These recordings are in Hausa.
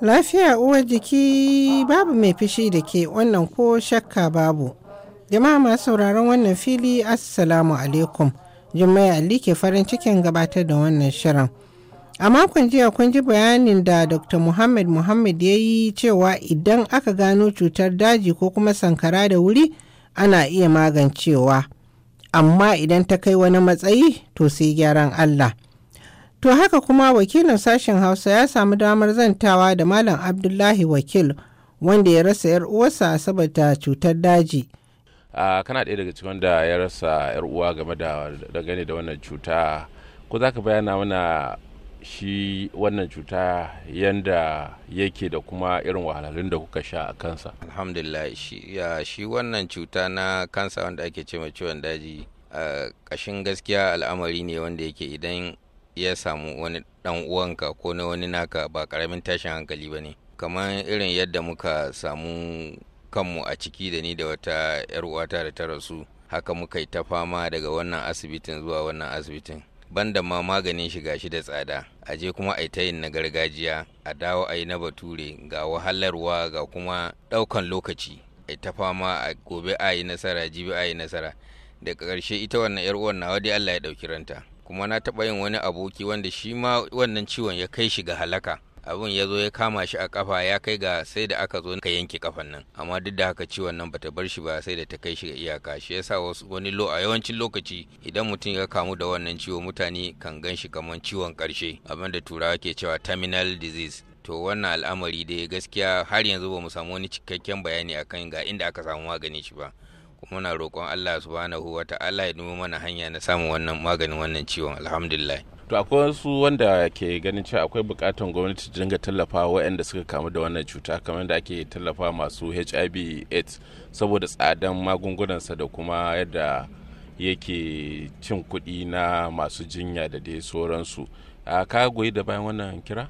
lafiya uwar jiki babu mai fishi da ke wannan ko shakka babu jama'a masu sauraron wannan fili assalamu alaikum jummai ali ke farin cikin gabatar da wannan shirin A makon jiya kun ji bayanin da Dr. Muhammad Muhammad ya yi cewa idan aka gano cutar daji ko kuma sankara da wuri ana iya magancewa. Amma idan ta kai wani matsayi to sai gyaran Allah. To haka kuma wakilin sashen Hausa ya samu damar zantawa da Malam Abdullahi Wakil wanda ya rasa 'yar uwarsa saboda cutar daji. Uh, kana ɗaya daga cikin da ya rasa 'yar uwa game da gane da wannan cuta ko za ka bayana mana shi wannan cuta yanda yake da kuma irin wahalhalun da kuka sha a kansa alhamdulillah shi, shi wannan cuta na kansa wanda ake ce mai ciwon daji a ƙashin gaskiya al'amari ne wanda yake idan ya samu wani dan uwanka ko na wani naka ba karamin tashin hankali ba ne kamar irin yadda muka samu kanmu a ciki da ni da wata 'yar uwata da ta rasu haka muka yi ta fama daga wannan asibitin zuwa wannan asibitin banda ma maganin shiga shi da tsada a je kuma a ta yin na gargajiya a dawo a yi na bature ga wahalarwa ga kuma ɗaukan lokaci a ta fama a gobe a yi nasara jibi a yi nasara Da ƙarshe ita wannan yar uwan nawa dai Allah ya ɗauki ranta kuma na taɓa yin wani aboki wanda shi ma wannan ciwon ya kai shi ga halaka abin ya zo ya kama shi a kafa ya kai ga sai da aka zo ka yanke kafan nan amma duk da haka ciwon nan bata bar shi ba sai da ta kai shi ga iyaka shi yasa wasu wani lo a yawancin lokaci idan mutum ya kamu da wannan ciwo mutane kan gan shi kamar ciwon karshe abin da turawa ke cewa terminal disease to wannan al'amari dai gaskiya har yanzu ba mu samu wani cikakken bayani akan ga inda aka samu magani shi ba kuma na roƙon Allah subhanahu wa ta'ala ya nuna mana hanya na samun wannan maganin wannan ciwon alhamdulillah to akwai wasu wanda ke ganin cewa akwai bukatan gwamnati ta dinga tallafa waɗanda suka kamu da wannan cuta kamar da ake tallafa masu hiv aids saboda tsadan magungunansa da kuma yadda yake cin kuɗi na masu jinya da dai sauransu a ka goyi da bayan wannan kira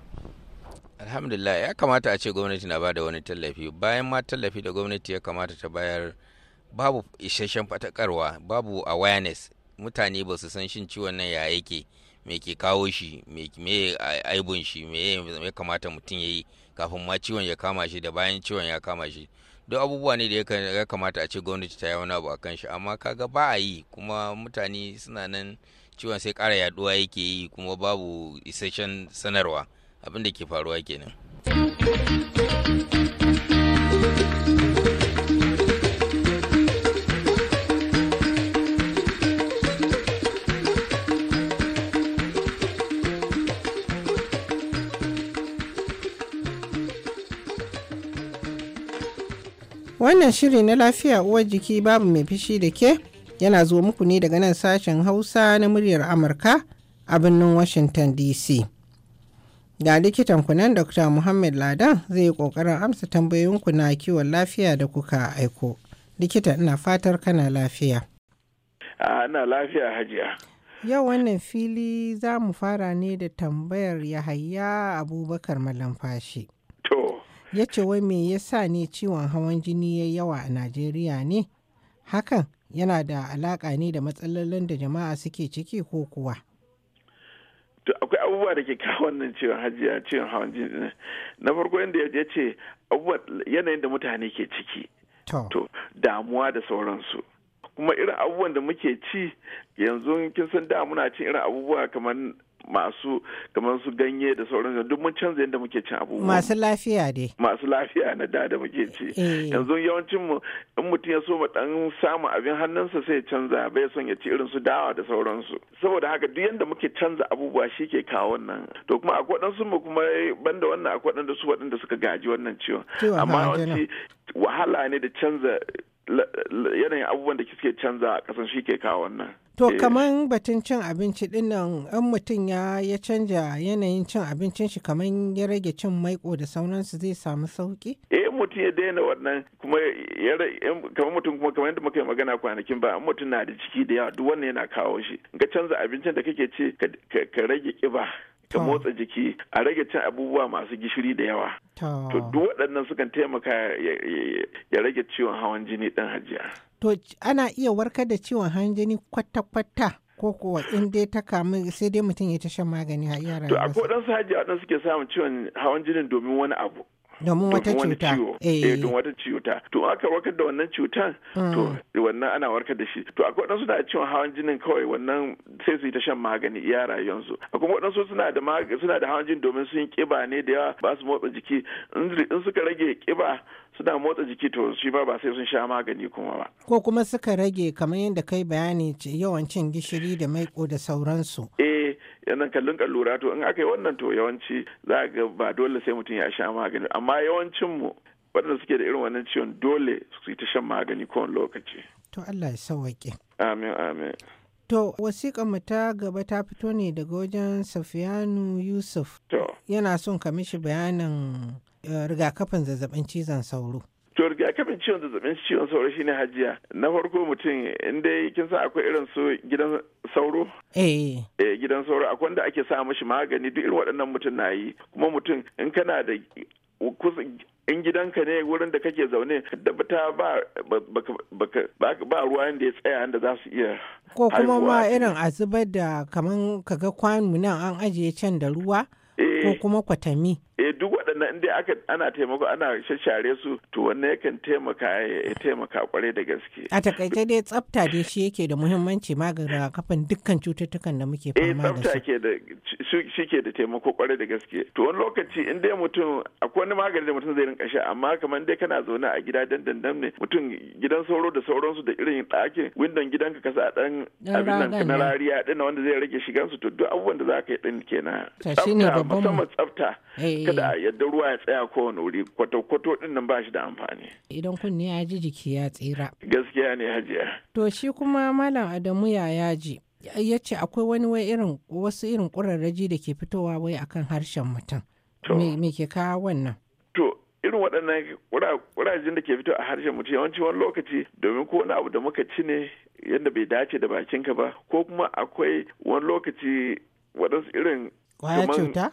alhamdulillah ya kamata a ce gwamnati na bada wani tallafi bayan ma tallafi da gwamnati ya kamata ta bayar babu isasshen fatakarwa babu awareness mutane ba su san shin ciwon nan ya yake me ke kawo shi me aibun shi me ya kamata mutum yayi kafin ma ciwon ya kama shi da bayan ciwon ya kama shi duk abubuwa ne da ya kamata a ce gwamnati ta yi wani abu a kan shi amma kaga ba a yi kuma mutane suna nan ciwon sai ƙara yaduwa yake yi kuma babu isasshen sanarwa abin da ke faruwa kenan. Wannan shiri na lafiya uwar jiki babu mai fishi da ke yana zo muku ne daga nan sashen Hausa na muryar Amurka a birnin Washington DC. Ga likitan kunan Dr. Muhammad Ladan zai yi ƙoƙarin amsa tambayoyin ku na kiwon lafiya da kuka aiko. Likita ina fatar kana lafiya. Ana lafiya hajiya. Yau wannan fili za mu fara ne da tambayar Yahaya Abubakar Malamfashi. To. ya ce wai me yasa ne ciwon hawan jini ya yawa a najeriya ne hakan yana da alaka ne da matsalolin da jama'a suke ciki ko kuwa to akwai abubuwa da ke kawo wannan ciwon hajiya ciwon hawan jini na farko yadda ya ce yanayin da mutane ke ciki to damuwa da sauransu kuma irin abubuwan da muke ci yanzu kin san da muna cin irin abubuwa kamar masu kamar su ganye da sauran duk mun canza yadda muke cin abubuwa masu lafiya dai masu lafiya na da da muke ci eh. yanzu yawancin mu in mutum ya so ma dan samu abin hannunsa sai ya canza bai son ya ci irin su dawa da sauransu saboda haka duk yadda muke canza abubuwa shi ke kawo wannan to kuma akwai waɗansu mu kuma banda wannan akwai waɗanda su waɗanda suka gaji wannan ciwon amma wahala ne da canza yanayin abubuwan da suke canza a kasan shi ke kawo wannan. To eh. kaman batun cin abinci dinnan an mutum ya ya canja yanayin cin abincin shi kaman ya rage cin maiko da sauransu zai samu sauki? Eh mutum ya daina wannan kuma ya kamar mutum kuma kamar yadda muka yi magana kwanakin ba 'an mutum na da ciki da yawa duk wannan yana kawo shi. Ga canza abincin da kake ci ka rage kiba ta motsa jiki a rage cin abubuwa masu gishiri da yawa to duk waɗannan sukan taimaka ya rage ciwon hawan jini ɗan hajiya to ana iya warkar da ciwon hawan jini kwata-kwata ko kuwa in dai ta kamu sai dai mutum ya ta shan magani a yara to akwai ɗansu hajiya waɗansu suke samun ciwon hawan jini domin wani abu domin wata cuta eh don eh, wata cuta to aka warkar da wannan cutan mm. to wannan ana warkar da shi to akwai wadansu da ciwon hawan jinin kawai wannan sai su yi ta shan magani iya rayuwarsu akwai wadansu suna da suna da hawan jini domin sun kiba ne da yawa ba su motsa jiki in suka rage kiba suna motsa jiki to shi ba ba sai sun sha magani kuma ba. Ko kuma suka rage kamar yadda kai bayani yawan cin gishiri da maiko da sauransu. Eh yannan kallon kallura to in aka yi wannan to yawanci za a ga ba dole sai mutum ya sha magani amma yawancin mu waɗanda suke da irin wannan ciwon dole su yi ta shan magani kowan lokaci. To Allah ya sauwaƙe. Amin amin. To wasiƙa mu ta gaba ta fito ne daga wajen Safiyanu Yusuf. To. Yana son ka mishi bayanin eh, rigakafin zazzabin cizon sauro. To kamin ciwon zazzabin ciwon sauro shine hajiya. Na farko mutum inda kin san akwai irin su gidan sauro? Eh. Eh gidan sauro akwai wanda ake sa mashi magani duk irin waɗannan mutum na yi. Kuma mutum in kana da in gidanka ne wurin da kake zaune da ta ba ba ruwa inda ya tsaya inda za su iya ko kuma ma irin a zubar da kaman kaga kwanu nan an ajiye can da ruwa ko eh. kuma kwatami waɗannan inda aka ana taimako ana shashare su to wannan yakan taimaka ya taimaka kwarai da gaske a takaice dai tsafta dai shi yake da muhimmanci maganin kafin dukkan cututtukan da muke eh, fama da su tsafta ke da shi ke da taimako kwarai da gaske to wani lokaci in dai mutum akwai wani magani da mutum zai rinka sha amma kamar dai kana zaune a gida dandan ne mutum gidan sauro da sauransu da irin ɗakin windon gidanka ka sa dan abin nan na rariya din wanda zai rage shigansu to duk abubuwan da za ka yi din kenan tsafta musamman tsafta eh. kada a yadda ruwa ya tsaya kowane wuri kwato-kwato din nan ba shi da amfani. Idan kunne ya ji jiki ya tsira. Gaskiya ne hajiya. To shi kuma Malam Adamu ya yaji. Ya ce akwai wani wai irin wasu irin ƙurarraji da ke fitowa wai akan harshen mutum. Me ke kawo wannan? To irin waɗannan ƙurajen da ke fito a harshen mutum yawanci wani lokaci domin ko wani abu da muka ci ne yadda bai dace da bakinka ba ko kuma akwai wani lokaci waɗansu irin kwaya cuta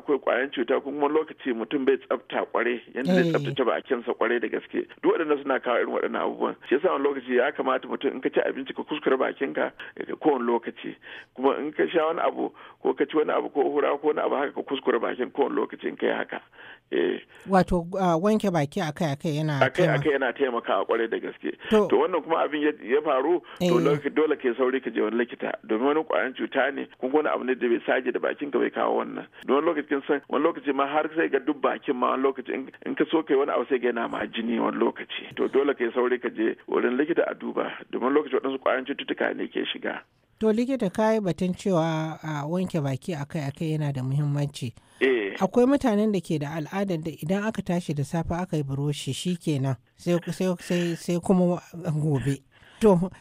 akwai kwayan cuta kuma lokaci mutum bai tsafta kware yanda zai eh. tsaftace bakinsa kware da gaske duk waɗannan suna kawo irin waɗannan abubuwan shi yasa wani lokaci ya kamata mutum in ka ci abinci ka kuskure bakinka eh, kowane lokaci kuma in ka sha wani abu ko ka ci wani abu ko hura ko wani abu haka ka kuskure bakin kowane lokaci in ka yi haka eh. wato wanke baki akai-akai yana akai-akai yana taimakawa kwarai da gaske to wannan kuma abin ya faru to dole ke sauri ka je wani likita domin wani kwayan cuta ne kuma wani abu ne da bai saje da bakinka bai kawo wannan don lokacin kin san wani lokaci ma har sai ga duk bakin ma wani lokaci in ka so kai wani abu sai ga yana ma jini wani lokaci to dole kai saurayi ka je wurin likita a duba domin lokaci waɗansu ƙwayoyin cututtuka ne ke shiga. To likita ka yi batun cewa a wanke baki akai-akai yana da muhimmanci. Eh. Akwai mutanen da ke da al'adar da idan aka tashi da safe aka yi buroshi shi kenan sai kuma gobe. To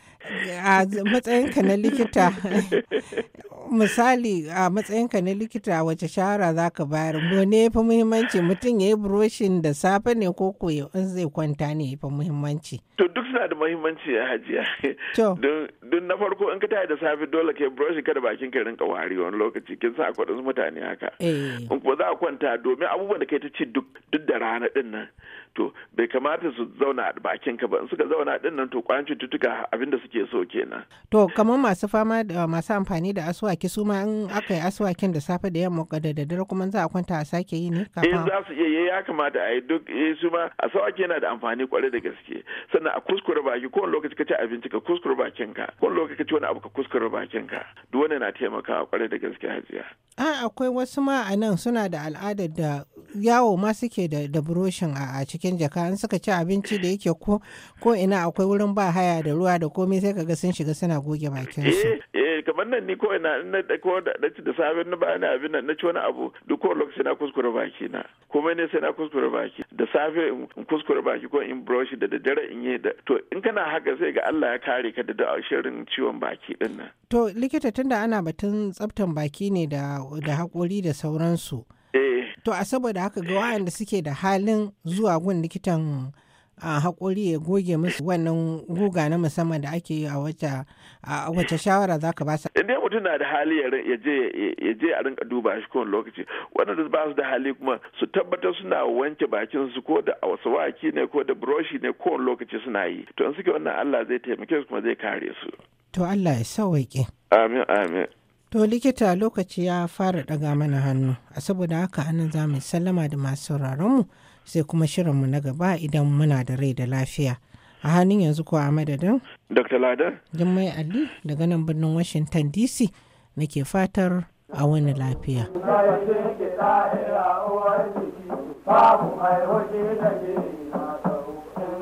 a matsayinka na likita misali a matsayinka na likita wace shahara za ka bayar ne ya fi muhimmanci mutum ya yi buroshin da safe ne ko koyo in zai kwanta ne ya fi muhimmanci to duk suna da muhimmanci ya hajiya don na farko in ka tayi da safe dole ka yi buroshin kada bakin ka rinka wari wani lokaci kin sa akwai wasu mutane haka eh. in kuma za a kwanta domin abubuwan da kai ta ci duk da rana din nan to bai kamata su zauna a bakin ka ba in suka zauna din nan to kwayan cututtuka abinda suke so kenan to kamar masu fama da masu amfani da aswaki su ma in aka yi aswakin da safe da yamma da daddare kuma za a kwanta a sake yi ne eh za su iya eh, ya kamata a yi duk eh su ma aswaki yana da amfani kwarai da gaske sannan a kuskure baki ko wani lokaci ka ci abinci ka kuskure bakin ka ko wani lokaci ka ci wani abu ka kuskure bakin ka duk wannan na taimakawa kwarai da gaske hajiya a akwai wasu ma a nan suna da al'adar da yawo ma suke da burushin a cikin jaka in suka ci abinci da yake ko ko ina akwai wurin ba haya da ruwa da komai sai kaga sun shiga suna goge bakin su eh, eh kamar nan ni ko ina na da ko da ci da sabin na ni abin nan na ci wani abu duk ko lokaci na kuskure baki na komai ne sai na kuskure baki da safe in kuskure baki ko in broshi da daddare in yi da to in kana haka sai ga Allah ya kare ka da shirin ciwon baki din nan to likita tunda ana batun tsaftan baki ne da da haƙori da sauransu to a saboda haka ga waɗanda suke da halin zuwa gun likitan a haƙuri ya goge musu wannan guga na musamman da ake yi a wacce shawara za ka basa. Idan mutum na da hali ya je a rinka duba shi kowane lokaci waɗanda ba su da hali kuma su tabbatar suna wanke bakin su ko da wasawaki ne ko da buroshi ne kowane lokaci suna yi to in suke wannan Allah zai taimake su kuma zai kare su. To Allah ya sauwaƙe. Amin amin. To likita lokaci ya fara ɗaga mana hannu, a saboda haka anan za mu sallama da masu mu sai kuma shirinmu na gaba idan muna da rai da lafiya. A hannun yanzu ko a madadin? Dr. Lada? Jummai Ali daga nan birnin Washington DC na ke fatar a wani lafiya. Babu